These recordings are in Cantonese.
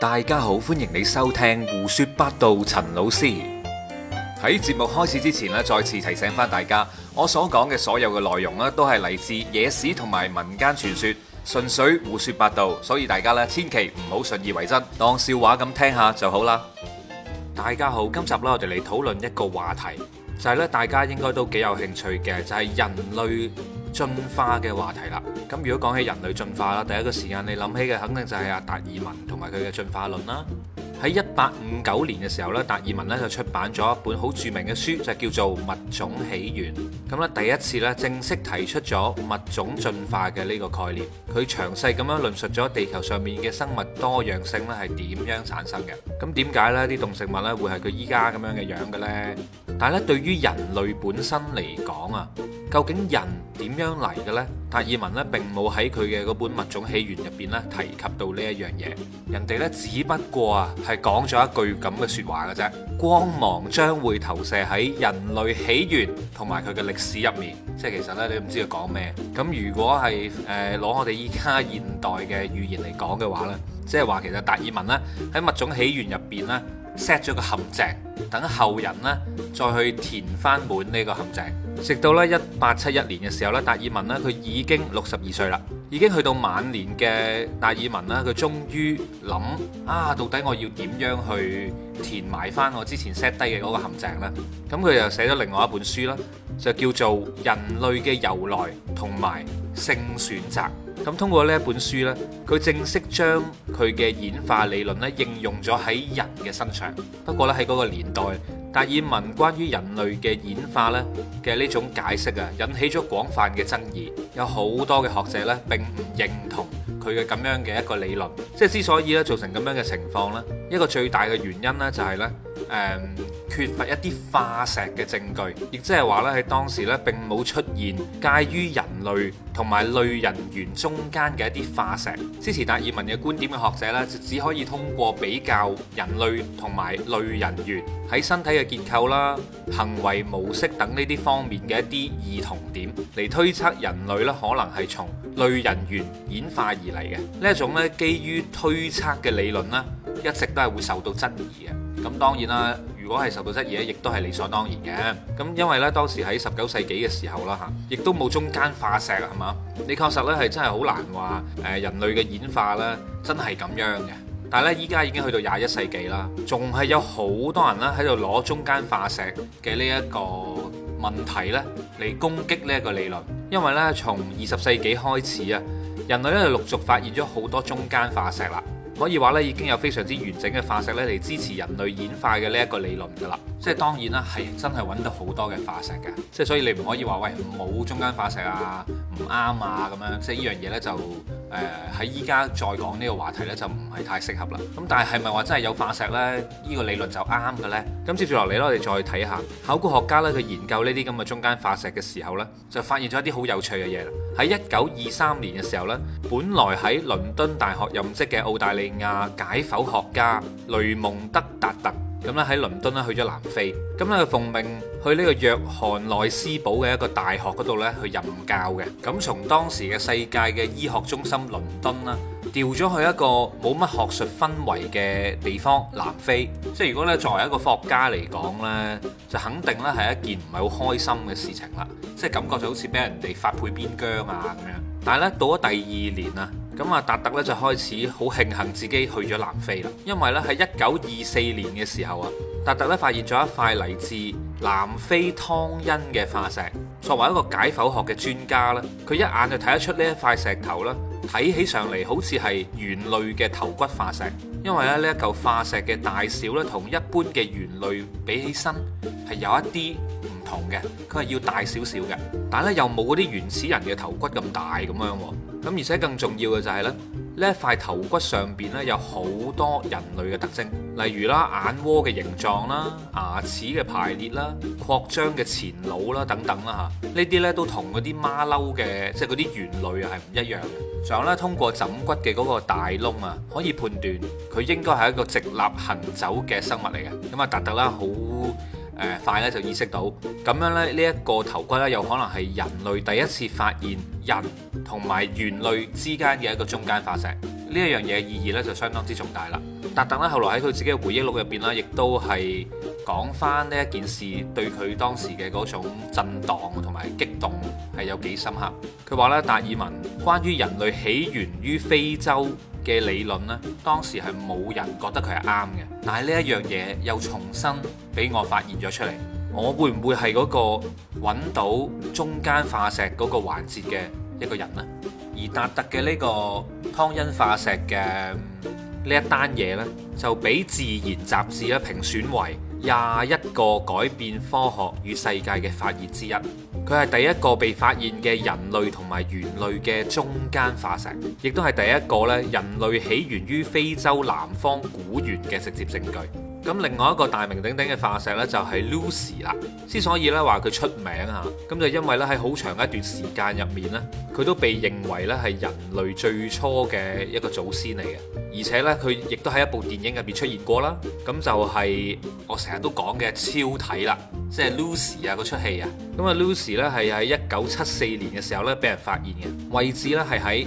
大家好，歡迎你收聽胡說八道。陳老師喺節目開始之前咧，再次提醒翻大家，我所講嘅所有嘅內容咧，都係嚟自野史同埋民間傳說，純粹胡說八道，所以大家咧，千祈唔好信以為真，當笑話咁聽下就好啦。大家好，今集咧，我哋嚟討論一個話題，就係咧，大家應該都幾有興趣嘅，就係人類。進化嘅話題啦，咁如果講起人類進化啦，第一個時間你諗起嘅肯定就係阿達爾文同埋佢嘅進化論啦。喺一八五九年嘅時候呢，達爾文呢就出版咗一本好著名嘅書，就叫做《物種起源》。咁咧第一次呢正式提出咗物種進化嘅呢個概念，佢詳細咁樣論述咗地球上面嘅生物多樣性呢係點樣產生嘅。咁點解呢啲動植物呢會係佢依家咁樣嘅樣嘅呢？但係咧對於人類本身嚟講啊。究竟人點樣嚟嘅呢？達爾文呢，並冇喺佢嘅嗰本物種起源入邊呢提及到呢一樣嘢，人哋呢，只不過啊係講咗一句咁嘅說話嘅啫，光芒將會投射喺人類起源同埋佢嘅歷史入面，即係其實呢，你唔知佢講咩。咁如果係誒攞我哋依家現代嘅語言嚟講嘅話呢，即係話其實達爾文呢，喺物種起源入邊呢，set 咗個陷阱，等後人呢，再去填翻滿呢個陷阱。直到咧一八七一年嘅時候咧，達爾文咧佢已經六十二歲啦，已經去到晚年嘅達爾文呢，佢終於諗啊，到底我要點樣去填埋返我之前 set 低嘅嗰個陷阱咧？咁佢又寫咗另外一本書啦，就叫做《人類嘅由來同埋性選擇》。咁通過呢一本書咧，佢正式將佢嘅演化理論咧應用咗喺人嘅身上。不過咧喺嗰個年代，達爾文關於人類嘅演化呢嘅呢種解釋啊，引起咗廣泛嘅爭議，有好多嘅學者呢並唔認同佢嘅咁樣嘅一個理論。即係之所以咧造成咁樣嘅情況，呢一個最大嘅原因呢就係呢。嗯、缺乏一啲化石嘅證據，亦即係話咧喺當時咧並冇出現介於人類同埋類人猿中間嘅一啲化石。支持達爾文嘅觀點嘅學者咧，就只可以通過比較人類同埋類人猿喺身體嘅結構啦、行為模式等呢啲方面嘅一啲異同點嚟推測人類咧可能係從類人猿演化而嚟嘅。呢一種咧基於推測嘅理論呢，一直都係會受到質疑嘅。咁當然啦，如果係受到質疑，亦都係理所當然嘅。咁因為呢，當時喺十九世紀嘅時候啦嚇，亦都冇中間化石，係嘛？你確實呢，係真係好難話誒人類嘅演化咧，真係咁樣嘅。但係呢，依家已經去到廿一世紀啦，仲係有好多人呢喺度攞中間化石嘅呢一個問題呢嚟攻擊呢一個理論，因為呢，從二十世紀開始啊，人類咧就陸續發現咗好多中間化石啦。可以話咧，已經有非常之完整嘅化石咧，嚟支持人類演化嘅呢一個理論㗎啦。即係當然啦，係真係揾到好多嘅化石嘅。即係所以你唔可以話喂，冇中間化石啊，唔啱啊咁樣。即係呢樣嘢呢就。誒喺依家再講呢個話題呢，就唔係太適合啦。咁但係係咪話真係有化石呢？呢個理論就啱嘅呢。咁接住落嚟呢，我哋再睇下考古學家呢，佢研究呢啲咁嘅中間化石嘅時候呢，就發現咗一啲好有趣嘅嘢啦。喺一九二三年嘅時候呢，本來喺倫敦大學任職嘅澳大利亞解剖學家雷蒙德達特。咁咧喺倫敦咧去咗南非，咁咧佢奉命去呢個約翰內斯堡嘅一個大學嗰度呢，去任教嘅。咁從當時嘅世界嘅醫學中心倫敦啦，調咗去一個冇乜學術氛圍嘅地方南非，即係如果咧作為一個科學家嚟講呢，就肯定咧係一件唔係好開心嘅事情啦，即係感覺就好似俾人哋發配邊疆啊咁樣。但係咧到咗第二年啦。咁啊，達特咧就開始好慶幸自己去咗南非啦，因為咧喺一九二四年嘅時候啊，達特咧發現咗一塊嚟自南非湯恩嘅化石。作為一個解剖學嘅專家咧，佢一眼就睇得出呢一塊石頭啦，睇起上嚟好似係猿類嘅頭骨化石。因為咧呢一嚿化石嘅大小咧，同一般嘅猿類比起身係有一啲唔同嘅，佢係要大少少嘅，但係咧又冇嗰啲原始人嘅頭骨咁大咁樣喎。咁而且更重要嘅就係咧，呢一塊頭骨上邊咧有好多人類嘅特徵，例如啦眼窩嘅形狀啦、牙齒嘅排列啦、擴張嘅前腦啦等等啦吓，呢啲咧都同嗰啲馬騮嘅即係嗰啲猿類啊，係唔一樣嘅。仲有咧，通過枕骨嘅嗰個大窿啊，可以判斷佢應該係一個直立行走嘅生物嚟嘅。咁啊，達特啦好～誒、呃、快咧就意識到咁樣咧呢一、這個頭骨呢，有可能係人類第一次發現人同埋猿類之間嘅一個中間化石呢，一樣嘢嘅意義呢，就相當之重大啦。達特呢，後來喺佢自己嘅回憶錄入邊呢，亦都係講翻呢一件事對佢當時嘅嗰種震盪同埋激動係有幾深刻。佢話呢，達爾文關於人類起源於非洲，嘅理論咧，當時係冇人覺得佢係啱嘅，但係呢一樣嘢又重新俾我發現咗出嚟。我會唔會係嗰個揾到中間化石嗰個環節嘅一個人呢？而達特嘅呢、這個湯恩化石嘅呢一單嘢呢就俾《自然》雜誌咧評選為廿一個改變科學與世界嘅發現之一。佢係第一個被發現嘅人類同埋猿類嘅中間化石，亦都係第一個咧人類起源於非洲南方古猿嘅直接證據。咁另外一個大名鼎鼎嘅化石咧就係 Lucy 啦，之所以咧話佢出名嚇，咁就因為咧喺好長一段時間入面咧，佢都被認為咧係人類最初嘅一個祖先嚟嘅。而且咧，佢亦都喺一部電影入面出現過啦。咁就係我成日都講嘅超體啦，即係 Lucy 啊嗰出戲啊。咁啊 Lucy 咧係喺一九七四年嘅時候呢俾人發現嘅，位置呢係喺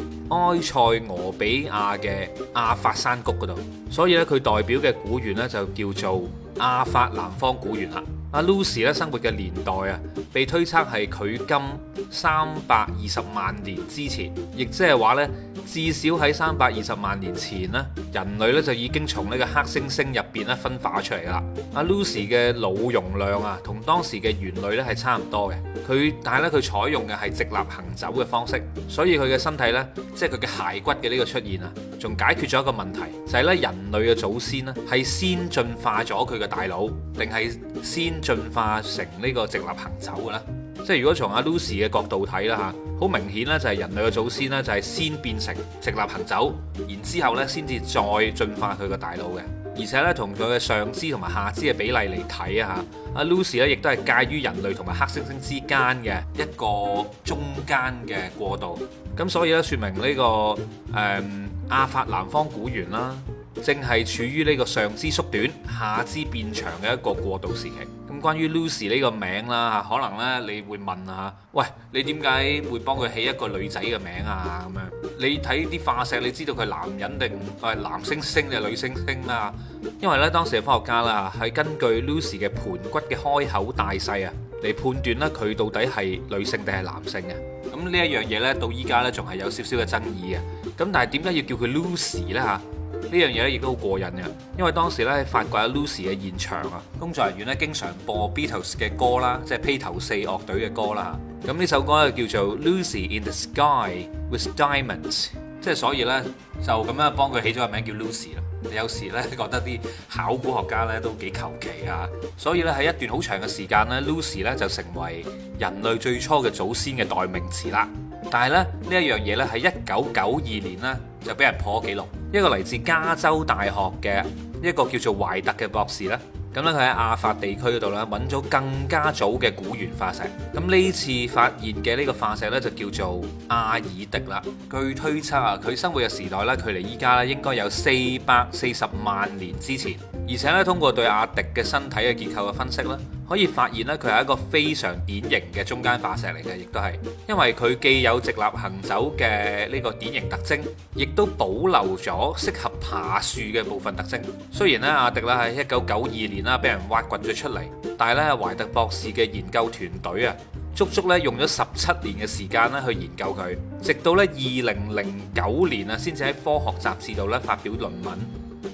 埃塞俄比亞嘅阿法山谷嗰度。所以呢，佢代表嘅古猿呢就叫做阿法南方古猿啦。阿 Lucy 咧生活嘅年代啊，被推測係佢今三百二十萬年之前，亦即係話咧，至少喺三百二十萬年前啦，人類咧就已經從呢個黑猩猩入邊咧分化出嚟噶啦。阿 Lucy 嘅腦容量啊，同當時嘅猿類咧係差唔多嘅。佢但係咧佢採用嘅係直立行走嘅方式，所以佢嘅身體咧，即係佢嘅骸骨嘅呢個出現啊，仲解決咗一個問題，就係咧人類嘅祖先咧係先進化咗佢嘅大腦定係先？進化成呢個直立行走嘅啦。即係如果從阿 Lucy 嘅角度睇啦嚇，好明顯呢，就係人類嘅祖先呢，就係先變成直立行走，然之後呢，先至再進化佢個大腦嘅，而且呢，從佢嘅上肢同埋下肢嘅比例嚟睇啊嚇，阿 Lucy 呢亦都係介於人類同埋黑猩猩之間嘅一個中間嘅過渡。咁所以呢，説明呢個誒、嗯、阿法南方古猿啦，正係處於呢個上肢縮短、下肢變長嘅一個過渡時期。關於 Lucy 呢個名啦，可能呢，你會問啊，喂，你點解會幫佢起一個女仔嘅名啊？咁樣，你睇啲化石，你知道佢男人定係男星星定女星星啊？因為呢，當時嘅科學家啦，係根據 Lucy 嘅盆骨嘅開口大細啊，嚟判斷咧佢到底係女性定係男性啊。咁呢一樣嘢呢，到依家呢，仲係有少少嘅爭議啊。咁但係點解要叫佢 Lucy 呢？呢樣嘢咧亦都好過癮嘅，因為當時咧喺發掘阿 Lucy 嘅現場啊，工作人員咧經常播 Beatles 嘅歌啦，即係披頭四樂隊嘅歌啦。咁呢首歌咧叫做《Lucy in the Sky with Diamonds》，即係所以呢，就咁樣幫佢起咗個名叫 Lucy 啦。有時呢，覺得啲考古學家呢都幾求其啊，所以呢，喺一段好長嘅時間呢 Lucy 呢就成為人類最初嘅祖先嘅代名詞啦。但係呢，呢一樣嘢呢，喺一九九二年呢，就俾人破記錄，一個嚟自加州大學嘅一個叫做懷特嘅博士咧，咁咧佢喺亞法地區嗰度揾咗更加早嘅古猿化石，咁呢次發現嘅呢個化石呢，就叫做阿爾迪啦。據推測啊，佢生活嘅時代呢，距離依家咧應該有四百四十萬年之前，而且呢，通過對阿迪嘅身體嘅結構嘅分析咧，可以發現咧，佢係一個非常典型嘅中間化石嚟嘅，亦都係因為佢既有直立行走嘅呢個典型特徵，亦都保留咗適合爬樹嘅部分特徵。雖然咧，阿迪啦喺一九九二年啦俾人挖掘咗出嚟，但係咧，懷特博士嘅研究團隊啊，足足咧用咗十七年嘅時間咧去研究佢，直到咧二零零九年啊，先至喺科學雜誌度咧發表論文，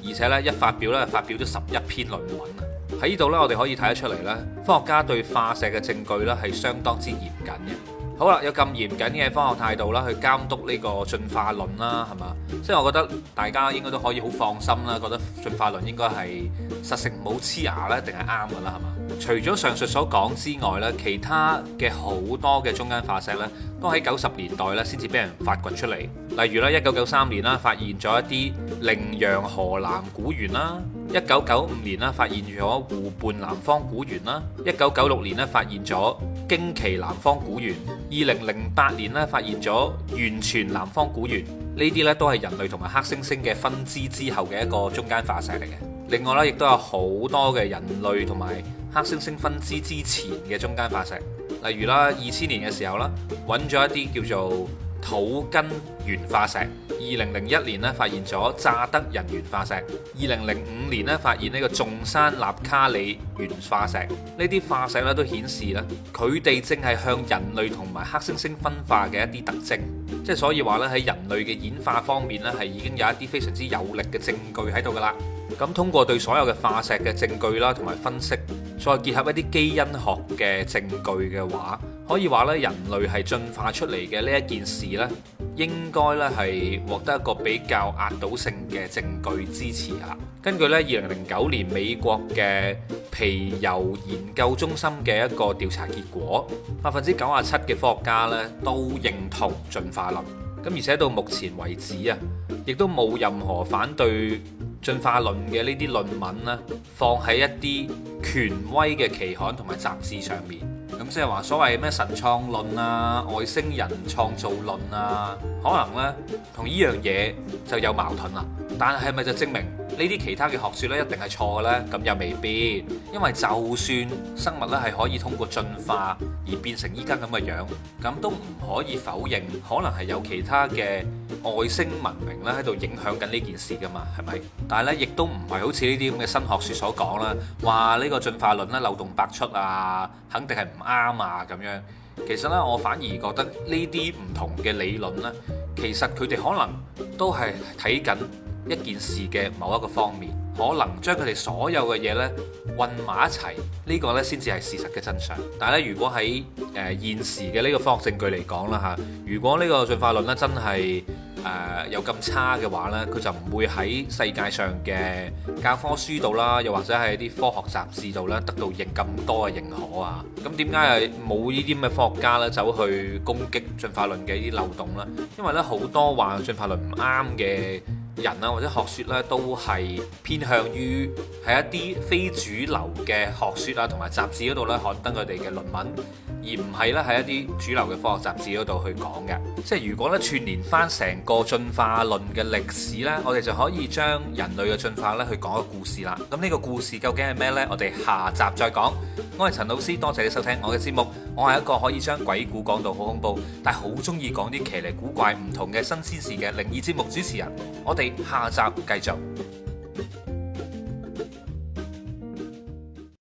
而且咧一發表咧發表咗十一篇論文啊。喺呢度咧，我哋可以睇得出嚟咧，科學家對化石嘅證據咧係相當之嚴謹嘅。好啦，有咁嚴謹嘅科學態度啦，去監督呢個進化論啦，係嘛？即係我覺得大家應該都可以好放心啦，覺得進化論應該係實成冇黐牙啦，定係啱噶啦，係嘛？除咗上述所講之外咧，其他嘅好多嘅中間化石呢，都喺九十年代咧先至俾人發掘出嚟。例如咧，一九九三年啦，發現咗一啲羚羊河南古猿啦。一九九五年啦，發現咗湖畔南方古猿啦；一九九六年咧，發現咗驚奇南方古猿；二零零八年咧，發現咗源泉南方古猿。呢啲咧都係人類同埋黑猩猩嘅分支之後嘅一個中間化石嚟嘅。另外咧，亦都有好多嘅人類同埋黑猩猩分支之前嘅中間化石，例如啦，二千年嘅時候啦，揾咗一啲叫做。土根原化石，二零零一年咧，發現咗乍得人原化石，二零零五年咧，發現呢個眾山納卡里猿化石，呢啲化石咧，都顯示咧，佢哋正係向人類同埋黑猩猩分化嘅一啲特徵，即係所以話咧，喺人類嘅演化方面咧，係已經有一啲非常之有力嘅證據喺度㗎喇。咁通過對所有嘅化石嘅證據啦同埋分析，再結合一啲基因學嘅證據嘅話，可以話咧，人類係進化出嚟嘅呢一件事咧，應該咧係獲得一個比較壓倒性嘅證據支持啊。根據咧二零零九年美國嘅皮尤研究中心嘅一個調查結果，百分之九十七嘅科學家咧都認同進化論。咁而且到目前為止啊，亦都冇任何反對進化論嘅呢啲論文咧，放喺一啲權威嘅期刊同埋雜誌上面。即係話所謂咩神創論啊、外星人創造論啊，可能咧同呢樣嘢就有矛盾啦。但係咪就證明呢啲其他嘅學說咧一定係錯嘅咧？咁又未必，因為就算生物咧係可以通過進化而變成依家咁嘅樣，咁都唔可以否認可能係有其他嘅外星文明咧喺度影響緊呢件事噶嘛？係咪？但係咧亦都唔係好似呢啲咁嘅新學說所講啦，話呢個進化論咧漏洞百出啊，肯定係唔啱。啱啊，咁樣，其實呢，我反而覺得呢啲唔同嘅理論呢，其實佢哋可能都係睇緊一件事嘅某一個方面，可能將佢哋所有嘅嘢呢混埋一齊，呢個呢，先至係事實嘅真相。但係咧，如果喺誒現時嘅呢個科學證據嚟講啦吓，如果呢個進化論呢真係，誒、呃、有咁差嘅話呢，佢就唔會喺世界上嘅教科書度啦，又或者係啲科學雜誌度呢，得到認咁多嘅認可啊！咁點解係冇呢啲咁嘅科學家呢走去攻擊進化論嘅啲漏洞呢？因為呢，好多話進化論唔啱嘅人啊，或者學説呢，都係偏向於喺一啲非主流嘅學説啊，同埋雜誌嗰度呢刊登佢哋嘅論文。而唔係咧，喺一啲主流嘅科學雜誌嗰度去講嘅。即係如果咧串連翻成個進化論嘅歷史呢，我哋就可以將人類嘅進化咧去講一個故事啦。咁呢個故事究竟係咩呢？我哋下集再講。我係陳老師，多謝你收聽我嘅節目。我係一個可以將鬼故講到好恐怖，但係好中意講啲奇離古怪唔同嘅新鮮事嘅靈異節目主持人。我哋下集繼續。